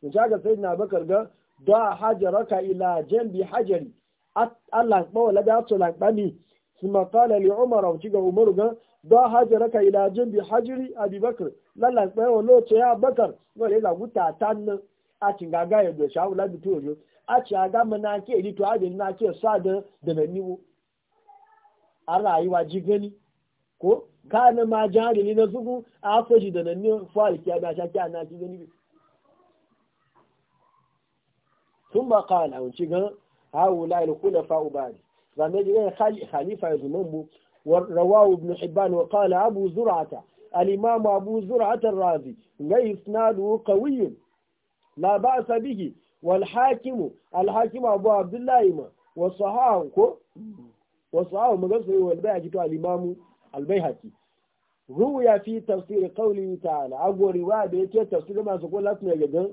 [SPEAKER 1] وشاك سيدنا بكر قال ضع حجرك إلى جنب حجري اللانقه ولا بيعطوا لانقه ثم قال لعمر وشيك عمر قال ضع حجرك إلى جنب حجري أبي بكر lálàpẹ́ olóòtú abakar wọ́n lè làwọn tààtà ná àti gàgà ẹ̀dọ̀ ṣáwó lábìtú òjò àti àgámọ́ náà kí èdè tó àdé náà kí ẹ̀sọ́ àdán dẹ̀mẹ̀ níwó ara àyíwá jí gẹ́ni kó káàní máa jẹ́ àrè nínú súnkú àáfẹ́jì dẹ̀mẹ̀ ní fún àìkí abẹ́ àṣà àná jí gẹ́ni bí. tún bá ká àwọn tí gan àwọn láìlú ko lè fa ọba rẹ̀ zàmẹ́jì rẹ̀ khalifa ìzùmọ̀ mú rawahu ibn hibban wa qala abu zur'ata الإمام أبو زرعة الرازي إسناده قوي لا بأس به والحاكم الحاكم أبو عبد الله ما وصحاهم وصحاهم مقصر والبيهقي الإمام البيهقي ruya fi tafsir qawli ta'ala agwa riwaya da yake tafsir masu ko lati ne gagan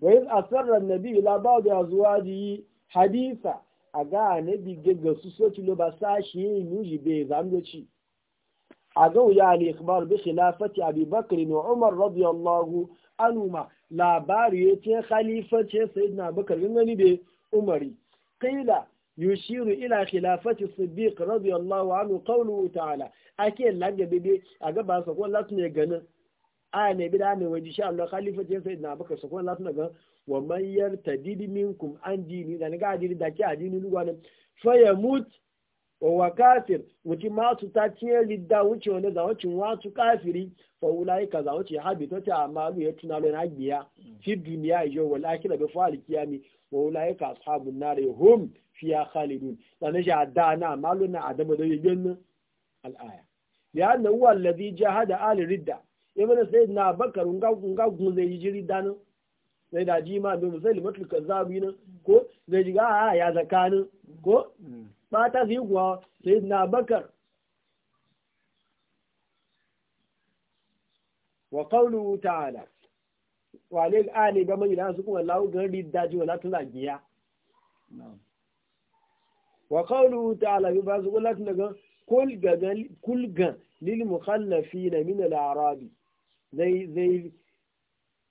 [SPEAKER 1] wa iz asarra an-nabi ila ba'd azwajihi haditha aga nabi gaga su so tilo ba sashi yi nuji be zamdoci agau ya al-ikhbar bi khilafati Abi Bakr wa Umar radiyallahu Anuma labari ya yace khaliface sayyidina Bakar gani be Umari qila yushiru ila khilafati Siddiq radiyallahu anhu qawluhu ta'ala ake lage bebe a ba sa ko lati ne ganin a ne bi da ne waje sha Allah khaliface sayyidina Bakar sa ko lati ne ganin wa man yartadid minkum an dini da ga dini da ke adini lugwanin fayamut wa kafir wuci masu ta ce lidda wuce wani zawacin wasu kafiri fa wula yi ka zawace habi ta ta amalu ya tuna lona biya fi duniya yau wal akira bi fa mi wa wula yi ka ashabun nare hum fiya khalidun sanin shi a da na adama da yagen al'aya ya na uwa allazi ali ridda ibn sayyid na bakar nga zai yi ridda dana sai da ji ma bi musallimatul na ko zai ji ga ya zakanin ko ba ta yi guwa sai na bakar wa kaunu ta'ala wale ali ga mai nasu kuma lau gari daji wala tana giya wa kaunu ta'ala yi ba su kula tana ga kulgan lil mukhallafi na min al zai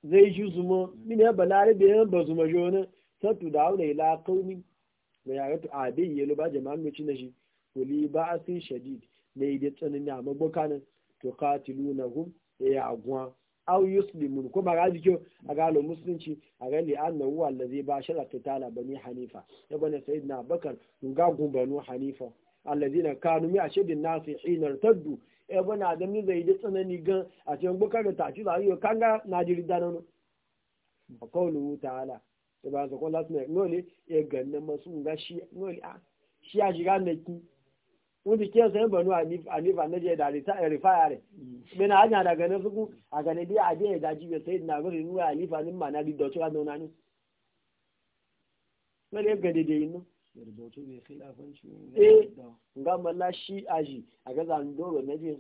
[SPEAKER 1] zai shi zuma min ya balare da yan ba zuma jona sattu da aure ila qaumin mai yaratu abin yelo ba jama'an mai na shi kuli ba a sun shadid mai da tsanani a mabokanin to katilu na hum ya yi aguwa aw yuslimun kuma ga jikin a galo musulunci a ga li annahu allazi ba shara qitala bani hanifa ya bani sayyidina bakar ga gumbanu hanifa allazina kanu mi ashadin nasi hinar taddu ya bani adam ne zai ji tsanani gan a cikin bukar da tashi ba a yi kanga na jiri danan qawluhu ta'ala da ba zakon last night ya masu ga shi nole a ah, shi a shiga na ki wanda ke sayan banu a nifa na je da eh, rifaya re mena hanya daga na suku a ganin biya a biya da jibiyar sai na gari nuna a nifa ni ma na di dauci a zauna ne nole ya gade da yin eh ga shi aji a ga zan doro na je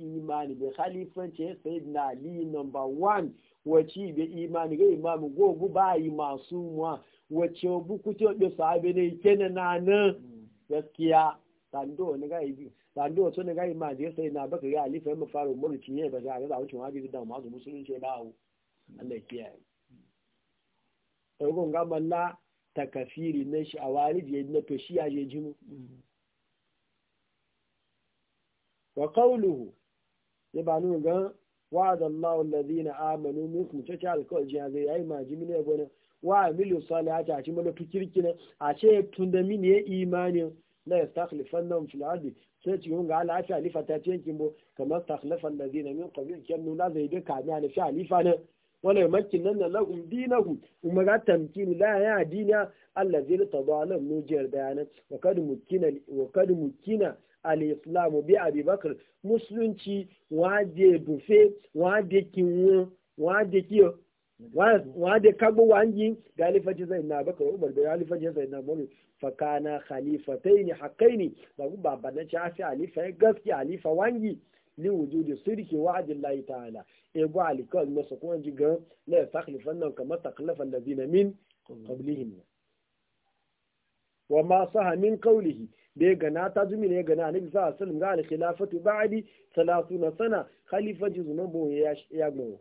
[SPEAKER 1] imani bai khalifanci sai na ali number one wace ibe imani ga imamu gogu mm. ba yi masu muwa wace buku obi ɗe sahabi ne kene na nan gaskiya sando ne ga yi sando ne ga ma sai na baka ga alifa mu faru mu ci ne ba za ga wucin wajibi da mazu musulunci ba hu Allah takafiri na shi a warije na to shi yaje jinu mm. wa qawluhu ya ba nu وعد الله الذين آمنوا منكم تشع الكل جهازي أي ما جميل يبونا وعملوا الصالحات عشان ما تكركنا عشان تندمين يا إيمان لا يستخلفنهم في الأرض تشيون على عشان ألف تاتين كمبو كما استخلف الذين من قبل كانوا لا زي بك عنا ألف ألف أنا ولا يمكنن لهم دينهم وما تمكين لا يا دين الذين تضع لهم نجر دانا وقد مكن وقد مكن al'islamu bi abubakar musulunci wade bufe wade kinwo wade kiyo wade kagbo wangi ga alifaci zai na bakar umar da alifaci zai na mori fakana khalifatai ne haƙai ne ba ku babban na shafi alifa ya gaske alifa wangi ni wujo wujudi sirki wa adillahi ta'ala ego alikawar masu kuma jigan na ya taklifan nan kamar taklifan da zina min qablihim wa ma saha min qawlihi bai gana ta zumi ne gana na bisa a salim ga alkhilafatu ba'adi salatu na sana khalifaji zuman bo ya ya gbo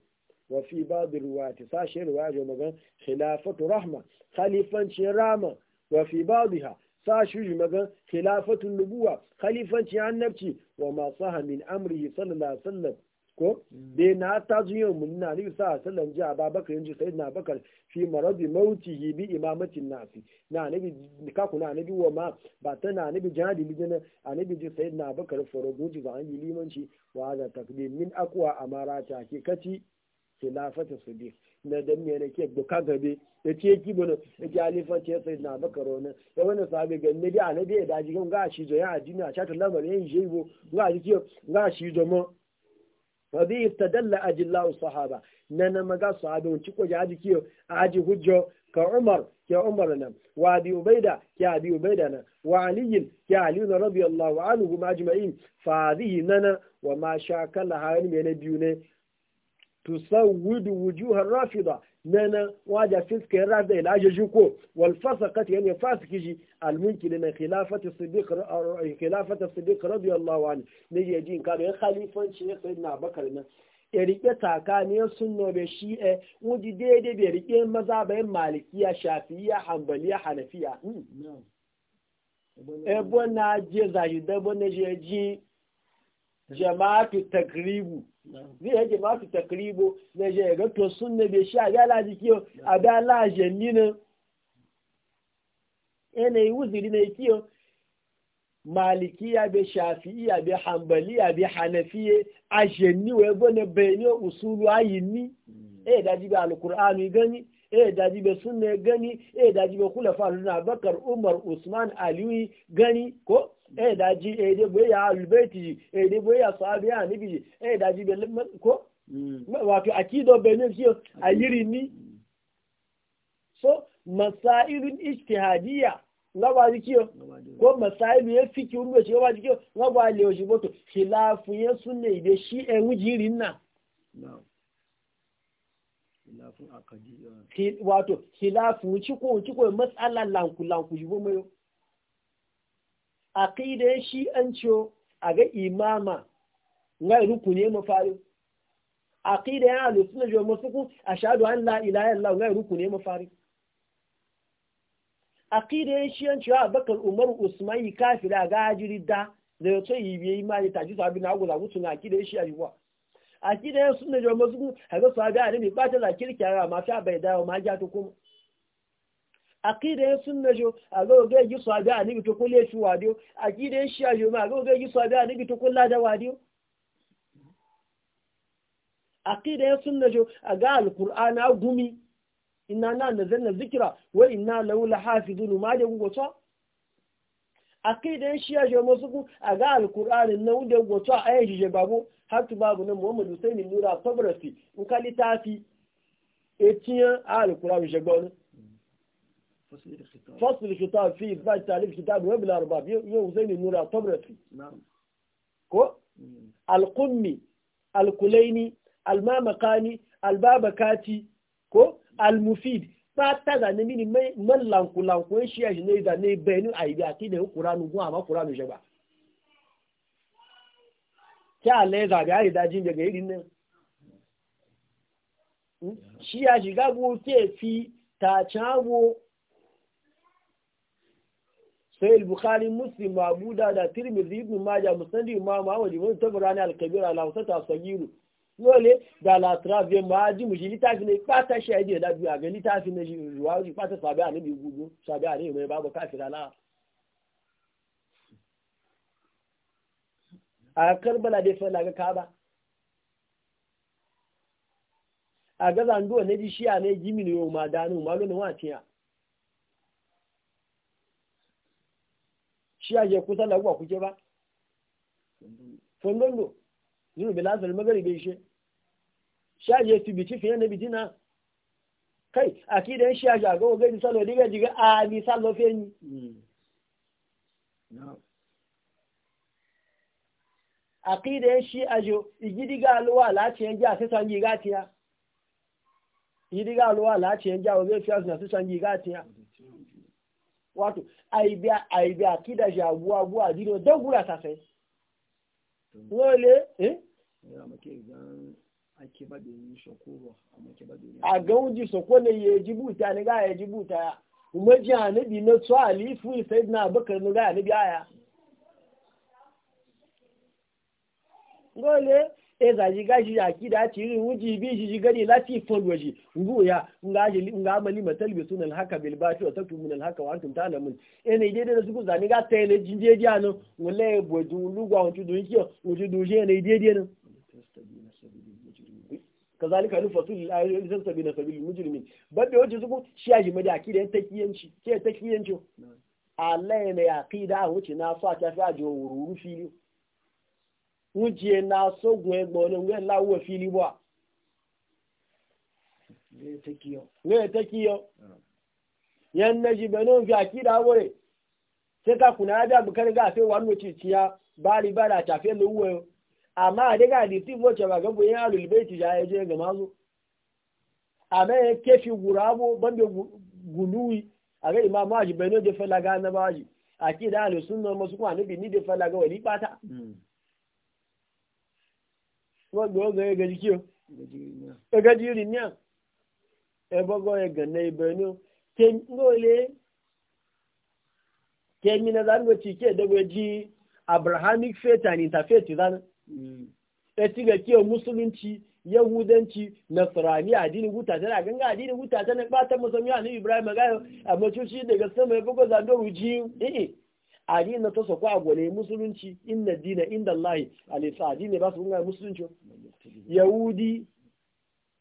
[SPEAKER 1] wa fi ta ruwati ruwa ruwaji magan khilafatu rahma khalifanci rama wa fi ba'dha sashi magan khilafatu nubuwa khalifanci annabci wa ma saha min amrihi sallallahu alaihi wasallam ko mm. dai na ta yau mun na ni sa sallan ji ababakar yanzu sai na bakar fi mauti yi bi imamatin nasi na nabi ka na nabi wa ma ba ta na nabi jihadi bi jana nabi ji sai na bakar faraguji ba an yi limanci wa za takdim min akwa amara ta ke kaci khilafatu sadiq na dan me ne ke duka gabe ya ce ki bana ya ji ce sai na bakar wani ya wani sahabi ga nabi annabi ya daji ga shi zo ya addini a chata lamarin yin jebo ga shi ga shi zo mu wabi ibtadalla ajillahu sahaba na maga sahaba wuci ko ya aji hujjo ka umar ke umar nan wa abi ubaida ke abi ubaida nan wa ali ke ali radiyallahu anhu majma'in fa hadhihi nana wa ma shakala hayni na biyu ne tusawwidu wujuhar rafida nana waja fiska yara da ilaje ko wal fasaqati yani fasiki ji al munkin na khilafati siddiq eh, khilafati siddiq radiyallahu anhu ne ya ji kare eh, ya khalifanci ya bakar na ya e rike takaniyar eh, sunno be shi e wuji daidai bai rike maza bayan malikiya shafiya hanbaliya hanafiya hmm. ebo na je zaji dabo na je ji jama'atu takribu zai yake ba su takribo na je ga to na bai sha ga laji kiyo a da laji nina ene yi wuzuri ne kiyo malikiya bai shafi'iya bai hambaliya bai hanafiye a jenni wa yabo na bayani usulu ayinni mm. eh daji bai alkur'anu gani eh daji bai sunna gani eh daji bai kula luna bakar umar usman aliyu gani ko eh daji eh dai boye ya albaiti eh dai boye ya sahabi ya nabi eh daji be ko hmm. wato akido benin kiyo hmm. ayiri ni so masailun ijtihadiyya ngaba zikiyo ko masailu ya fiki urwe shi ngaba zikiyo ngaba leo shi boto khilafu ya sunne ide shi e wujirin na
[SPEAKER 2] eh.
[SPEAKER 1] wato khilafu wuci ko matsala lanku lanku shi bo mayo aqida shi an ciyo a ga imama nga rukuni ma faru aqida ya alu sunna jo musuku ashhadu an la ilaha illallah ngai rukuni mafari. faru aqida shi an ciyo abakar umaru usman kafira ga ajirida da da yato yi biye imani ta ji sabi na gula mutu na aqida shi ajiwa aqida sunna jo musuku haga sabi ani bi bata la kirkiya ma fa bai dawo ma ja to kuma akida ya sunna jo a ga ga yi so abi ani to kulle su wadiyo akida shi a jo ma ga ga yi so abi ani to kulla da wadiyo akida ya sunna jo a ga alqur'ana gumi inna na nazalna zikra wa inna lahu lahafizun ma da gugo so akida ya shiya jo musu a ga alqur'ani na wuda gugo a ayi je babu har tu babu na muhammad husaini nura tabrasi in kalitafi etiyan alqur'ani je gbonu فصل الخطاب في إثبات تعريف كتاب وهم الأرباب يوزين النور الطبرسي نعم كو القمي الكليني المامقاني البابكاتي كو المفيد fata da ne mini man lankulanku shi ya shi ne da ne benin a ibi ati da kuranu gun amma kuranu shi ba ki alle zabi a daga irin nan shi ya shiga gabo ke fi ta cago sai bukhari muslim wa abu da da tirmidhi ibn majah musnad imam ahmad ibn tabrani al-kabir al-awsat as-saghir lole da la travie maji mujili ta ne pata shaidi da biya ga ni ta fi ne ruwa ji pata sabi ani bi gugu sabi ani mai babu kafira la a karbala dai fa laga kaba a ga zanduwa ne ji shi shiya ne jimini yau ma danu ma lo ne wa tiya shi a je kusa da kuwa kuke ba fondondo nínú bí lásán magari bai she? shi a je tubici fiye na biji na kai a kí dan shi a jagawa gani salo diga jiga a ni salo fiye ni hmm. aqidan shi ajo igidiga alwa lati en ja sisan yi gatiya igidiga alwa lati en ja o be fi asna sisan yi wato aibia aibia kida ja bua bua dino dogula sase wole eh
[SPEAKER 2] ya make zan ake ba da shokuro amma ke ba da
[SPEAKER 1] a ga unji sokone ye jibuta ne ga ye jibuta anabi na tso alifu sayyidina abubakar ne ga anabi aya ngole e eh, za shi gashi ya ki da ci ri wuji bi ji ji gari lati fol waji ngu ya nga ji nga mali matal bi sunan haka bil bati wa taktumun al haka wa antum ta'lamun e ne dai da su za ni ga tele jinje ji anu wala boju lugwa wuju do kiyo wuju do je ne dai dai nan kazalika nufasul lil ayati tasbina sabil mujrimin babbe waje zugo shi ya ji da akida ta kiyanci ke ta kiyanci Allah ne ya akida wuce na fa ta fi ajo wururu fili wújẹ na sógun ẹgbọn ní wẹ́ láwọ́ fílí wà wẹ́ tẹ́kíyọ yẹn na ṣìbẹ̀ náà fi àkídà wọ́rẹ̀ tí kàkùnà ajá bukari gáàfẹ́ wà ní òtù tí a bá rí bá rà tàfẹ́ lówó ẹ̀ àmá àdégà di tí mo tẹ̀wà gbogbo yẹn àlùlùbẹ́ ti ya ẹjọ́ ẹgbẹ̀ máa ń lò àmẹ́ kéfì wùrọ̀ ábò bọ́ndẹ̀ gùlúwi àgẹ́ ìmọ̀ àmọ́ àjùbẹ̀ náà dé fẹ́ na náà báyìí a wọ́gbẹ̀ ọgọ̀ ẹgẹ̀jì kí o ẹgẹ̀jì rì ní à ẹgbọ́gọ́ na ibẹ̀ ní o ngóòlé na lánàá ti kí ẹ̀dẹ́gbẹ̀ abrahamic faith and interfaith lánàá ya gẹ̀ kí o musulunci na nasarani adini wuta tana ganga adini wuta tana ɓata musamman ibrahim ga a macoci daga sama ya bugu zando ruji eh ari na to a agwale musulunci inna dina inda Allah alisa dine ba su kunga musulunci yahudi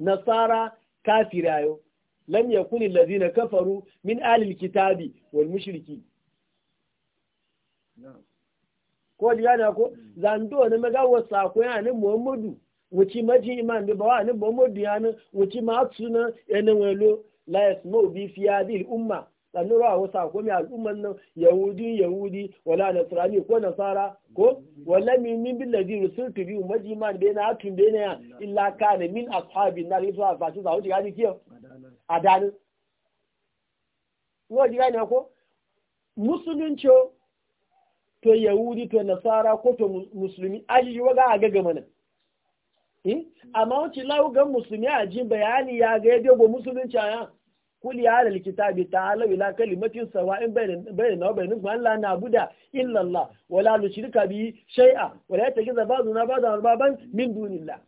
[SPEAKER 1] nasara kafirayo lam yakun alladhina kafaru min ahli alkitabi wal mushriki ko diga na ko zando ne maga wasa ko ya ne muhammadu wuci maji iman da bawa ne muhammadu ya ne wuci ma tsuna ene welo la yasmu bi fi hadhihi al umma tsanura a wasu akwai al'ummar nan yahudi yahudi wala nasrani ko nasara ko wala min min bil ladhi rusultu bi ummati man bayna atun bayna ya illa kana min ashabi nar yusa fa tusa wuce gadi kiyo adani wo diga gani ko musulunci to yahudi to nasara ko to musulmi aji waga aga gama nan eh? amma wacce lawo musulmi a ji bayani ya ga yadda musulunci a قل يا أهل الكتاب تعالوا إلى كلمة سواء بيننا وبينكم أن لا نعبد إلا الله ولا نشرك به شيئا ولا يتخذ بعضنا بعضا أربابا من دون الله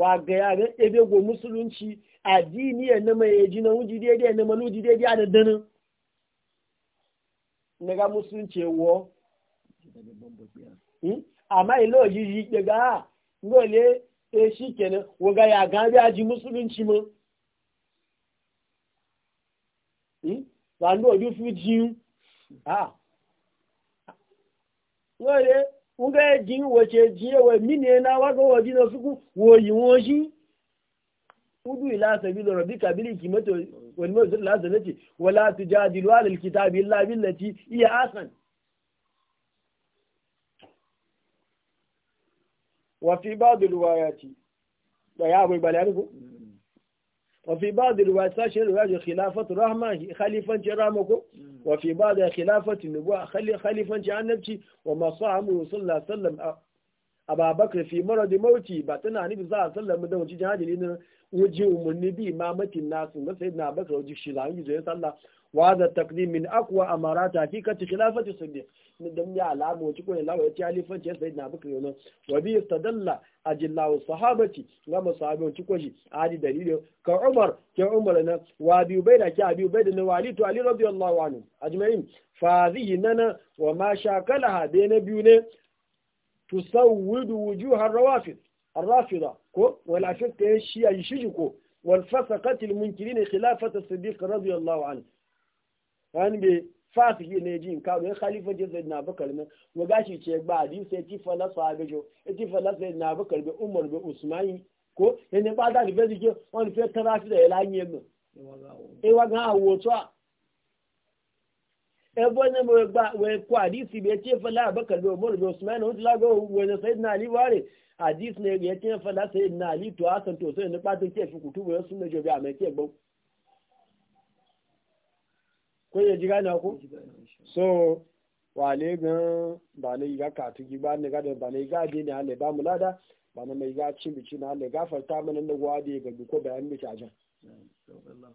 [SPEAKER 1] wagaya ga ebe go musulunci adini ya ji na wuji dai ya nama wuji dai a daddanin na ga musulunci wo hmm? amma ilo ji ji ga ngole e shi kenan ga ya ga ji musulunci Hmm? lànà ojú fún jíun wọ́n lè ń gẹ́ jíun wọ́n ṣe jíun ẹ̀wọ̀ mí jí lọ wọ́n yìí wọ́n ṣí udu ila sabi da rabbi kabili kimato wal mawzil la zanati wala tujadilu al kitabi illa billati hiya ahsan wa fi ba'd al wayati da ya abu balani ko wafi ba da ruwa sashen ruwa da khilafatu rahma khalifancin ramako wafi ba da khilafatu nubuwa khalifancin annabci wa masu amuru sallallahu sallam a babakar fi mara da mauti ba tana nufi za a sallama da wajen jihadi ne na wajen umarni bi mamakin nasu na sayi na bakar wajen shi zahun gizo ya wada takdim min aqwa amarata fi kat khilafat sidiq dan ya alamu wace ko ne lawa ya tali fanci ya sayyidina abubakar yunus wa bi tadalla ajillahu sahabati ga masahabi wace ko shi hadi dalilin ka umar ke umar na wa bi ubayda ke abi ubayda na wali to ali radiyallahu anhu ajma'in fa zihi nana wa ma shakalaha da na biyu ne tusawwidu wujuhar rawafid الرافضة والعشق الشيعي شجكو والفسقة المنكرين خلافة الصديق رضي الله عنه wani bai fasi yi ne jin kawo ya khalifa je zai na bakar nan wa gashi ce ba di sai ti su ga jo ti falasa na bakar be umar be usmani ko ne ba da be dike on fe tarafi da elanye mu e wa ga awo to e bo ne mo gba we ko hadisi be ti falasa bakar be umar be usmani wani la go we ne sayyidina ali ware hadis ne ya ti falasa sayyidina ali to asan to sai ne ba ta ke fi kutubu ya sunna jo bi a mai ke gbau ko ya ji gane ku so wale gan ba na ga katu ba ne ga da ba na iga de ne ale ba mu lada ba na mai ga cin bici na ale da wadi ga ko bayan mu ta jan
[SPEAKER 2] ga na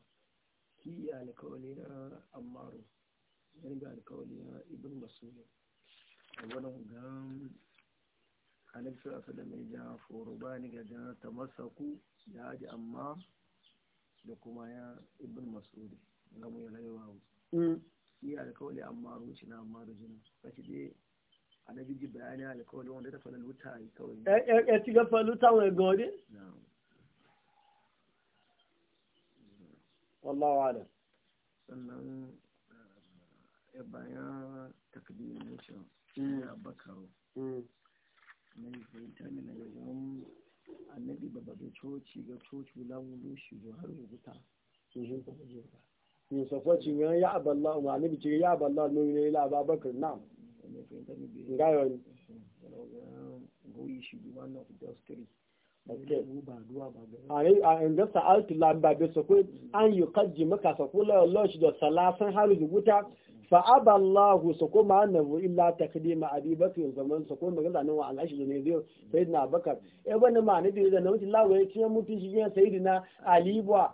[SPEAKER 2] ibn ya ga amma da kuma ya ibn mas'ud Mm. shi alkawali amma ruci na amma rujina kashi dai annabi bayani alkawali wanda ta fara luta yi kawai ya ci
[SPEAKER 1] gafa luta wa gode
[SPEAKER 2] sannan eh, ya bayan shi mm. ya bakaro mm. na yi fahimta annabi babbaga coci ga coci lawulu shi har
[SPEAKER 1] yusufu ci yan ya aballa ma ni bi ci ya aballa no bakar na ngayo ni goyi shi of a inda sa'altu labarai su ku an yi kajji maka su kula Allah shi da salasan harin rubuta fa'aballahu su kuma annabu illa ta kade ma abi zaman su kuma magana nan wa alashi ne zai na bakar ebe ma ne da na mutu lawai cikin mutu shi yin sai Ali alibuwa